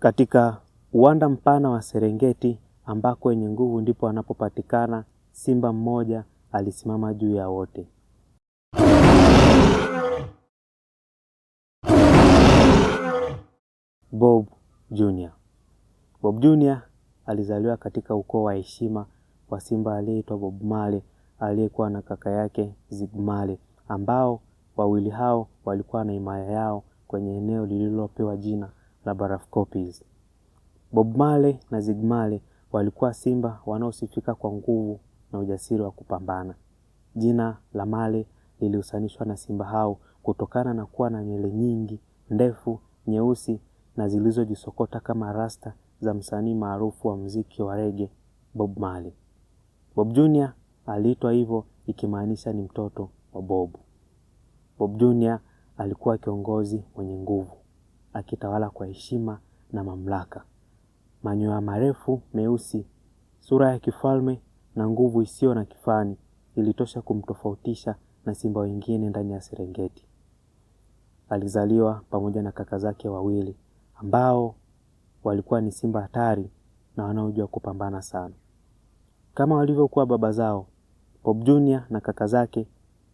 katika uwanda mpana wa Serengeti ambako wenye nguvu ndipo anapopatikana simba mmoja alisimama juu ya wote. Bob Junior. Bob Junior alizaliwa katika ukoo wa heshima wa simba aliyeitwa Bob male aliyekuwa na kaka yake Zig Male ambao wawili hao walikuwa na himaya yao kwenye eneo lililopewa jina la of Copies. Bob Marley na Zig Marley walikuwa simba wanaosifika kwa nguvu na ujasiri wa kupambana. Jina la Marley lilihusanishwa na simba hao kutokana na kuwa na nywele nyingi ndefu, nyeusi na zilizojisokota kama rasta za msanii maarufu wa mziki wa rege Bob Marley. Bob Junior aliitwa hivyo ikimaanisha ni mtoto wa Bob. Bob Jr alikuwa kiongozi mwenye nguvu akitawala kwa heshima na mamlaka. Manyoya marefu meusi, sura ya kifalme na nguvu isiyo na kifani ilitosha kumtofautisha na simba wengine ndani ya Serengeti. Alizaliwa pamoja na kaka zake wawili ambao walikuwa ni simba hatari na wanaojua kupambana sana. Kama walivyokuwa baba zao, Bob Junior na kaka zake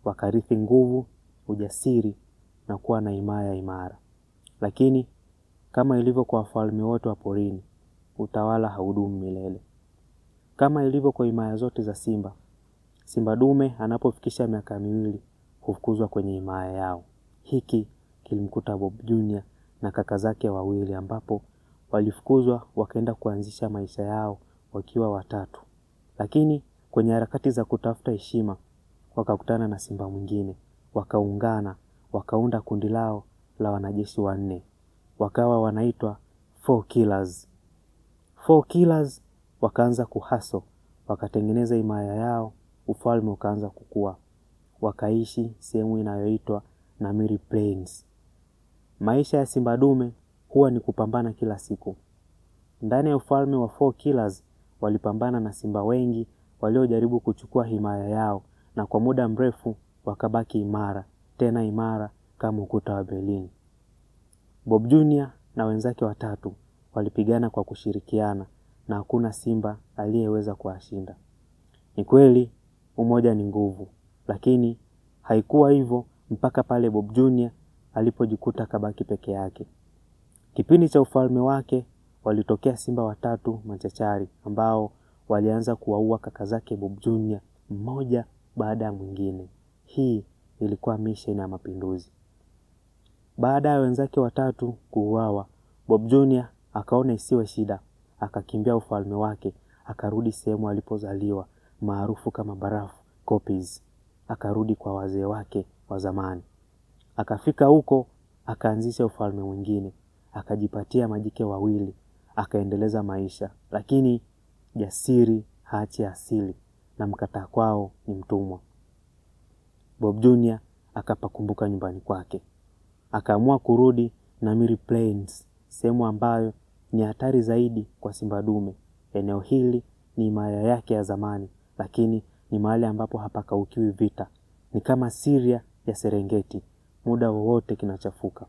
wakarithi nguvu, ujasiri na kuwa na himaya imara. Lakini kama ilivyo kwa wafalme wote wa porini, utawala haudumu milele. Kama ilivyo kwa himaya zote za simba, simba dume anapofikisha miaka miwili hufukuzwa kwenye himaya yao. Hiki kilimkuta Bob Junior na kaka zake wawili, ambapo walifukuzwa wakaenda kuanzisha maisha yao wakiwa watatu, lakini kwenye harakati za kutafuta heshima wakakutana na simba mwingine, wakaungana, wakaunda kundi lao la wanajeshi wanne, wakawa wanaitwa Four Killers. Four Killers wakaanza kuhaso, wakatengeneza imaya yao, ufalme ukaanza kukua, wakaishi sehemu inayoitwa Namiri Plains. Maisha ya simba dume huwa ni kupambana kila siku. Ndani ya ufalme wa Four Killers walipambana na simba wengi waliojaribu kuchukua himaya yao, na kwa muda mrefu wakabaki imara, tena imara kama ukuta wa Berlin. Bob Jr na wenzake watatu walipigana kwa kushirikiana na hakuna simba aliyeweza kuwashinda. Ni kweli umoja ni nguvu, lakini haikuwa hivyo mpaka pale Bob Jr alipojikuta kabaki peke yake. Kipindi cha ufalme wake walitokea simba watatu machachari ambao walianza kuwaua kaka zake Bob Junior mmoja baada ya mwingine. Hii ilikuwa misheni ya mapinduzi. Baada ya wenzake watatu kuuawa, Bob Jr akaona isiwe shida, akakimbia ufalme wake, akarudi sehemu alipozaliwa maarufu kama Barafu Copies. Akarudi kwa wazee wake wa zamani. Akafika huko akaanzisha ufalme mwingine, akajipatia majike wawili, akaendeleza maisha, lakini jasiri haachi asili na mkataa kwao ni mtumwa. Bob Jr akapakumbuka nyumbani kwake akaamua kurudi Namiri Plains, sehemu ambayo ni hatari zaidi kwa simba dume. Eneo hili ni maya yake ya zamani, lakini ni mahali ambapo hapakaukiwi vita. Ni kama Siria ya Serengeti, muda wowote kinachafuka.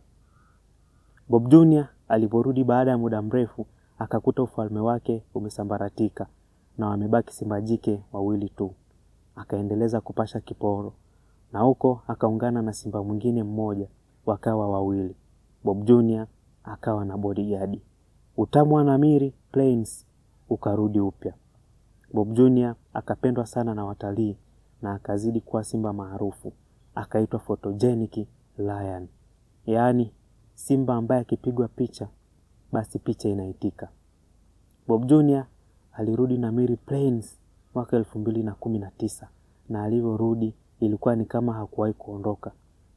Bob Junior aliporudi baada ya muda mrefu, akakuta ufalme wake umesambaratika na wamebaki simba jike wawili tu. Akaendeleza kupasha kiporo, na huko akaungana na simba mwingine mmoja wakawa wawili, Bob Jr akawa na bodyguard. Utamu wa Namiri Plains ukarudi upya. Bob Jr akapendwa sana na watalii na akazidi kuwa simba maarufu, akaitwa photogenic lion, yaani simba ambaye akipigwa picha basi picha inaitika. Bob Jr alirudi Namiri Plains mwaka elfu mbili na kumi na tisa na alivyorudi ilikuwa ni kama hakuwahi kuondoka.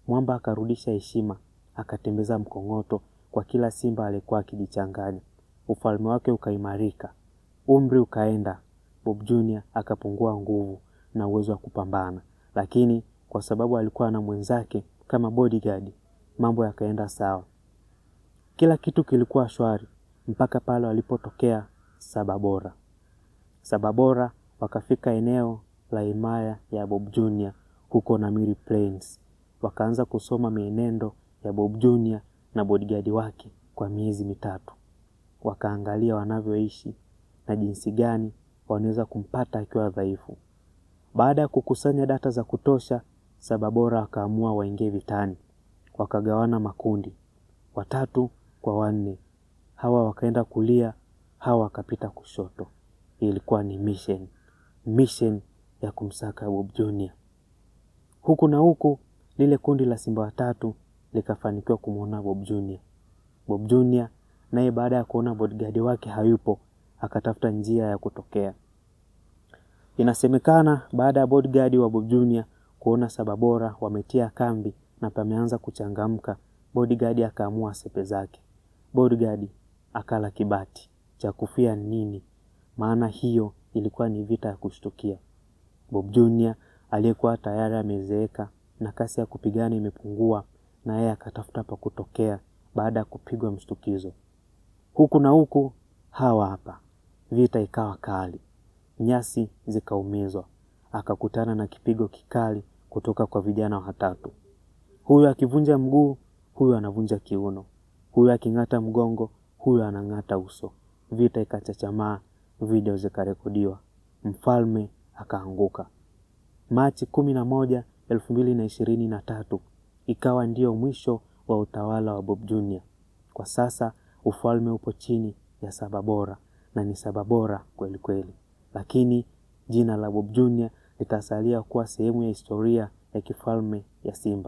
Mwamba akarudisha heshima, akatembeza mkong'oto kwa kila simba aliyekuwa akijichanganya. Ufalme wake ukaimarika, umri ukaenda. Bob Junior akapungua nguvu na uwezo wa kupambana, lakini kwa sababu alikuwa na mwenzake kama bodyguard, mambo yakaenda sawa. Kila kitu kilikuwa shwari mpaka pale walipotokea Sababora. Sababora wakafika eneo la himaya ya Bob Junior huko Namiri Plains wakaanza kusoma mienendo ya Bob Junior na bodyguard wake kwa miezi mitatu, wakaangalia wanavyoishi na jinsi gani wanaweza kumpata akiwa dhaifu. Baada ya kukusanya data za kutosha, Sababora akaamua waingie vitani. Wakagawana makundi watatu kwa wanne, hawa wakaenda kulia, hawa wakapita kushoto. Ilikuwa ni mission mission ya kumsaka Bob Junior huku na huku. Lile kundi la simba watatu likafanikiwa kumwona Bob Junior. Bob Junior naye baada ya kuona bodyguard wake hayupo akatafuta njia ya kutokea. Inasemekana baada ya bodyguard wa Bob Junior kuona Sababora wametia kambi na pameanza kuchangamka, bodyguard akaamua sepe zake. Bodyguard akala kibati cha kufia nini, maana hiyo ilikuwa ni vita ya kushtukia. Bob Junior aliyekuwa tayari amezeeka na kasi ya kupigana imepungua na yeye akatafuta pa kutokea baada ya kupigwa mshtukizo. Huku na huku, hawa hapa, vita ikawa kali, nyasi zikaumizwa, akakutana na kipigo kikali kutoka kwa vijana watatu, huyu akivunja mguu, huyu anavunja kiuno, huyu aking'ata mgongo, huyu anang'ata uso. Vita ikachachamaa, video zikarekodiwa, mfalme akaanguka. Machi kumi na moja elfu mbili na ishirini na tatu ikawa ndiyo mwisho wa utawala wa Bob Jr. Kwa sasa ufalme upo chini ya Sababora na ni Sababora kweli kweli, lakini jina la Bob Jr. litasalia kuwa sehemu ya historia ya kifalme ya Simba.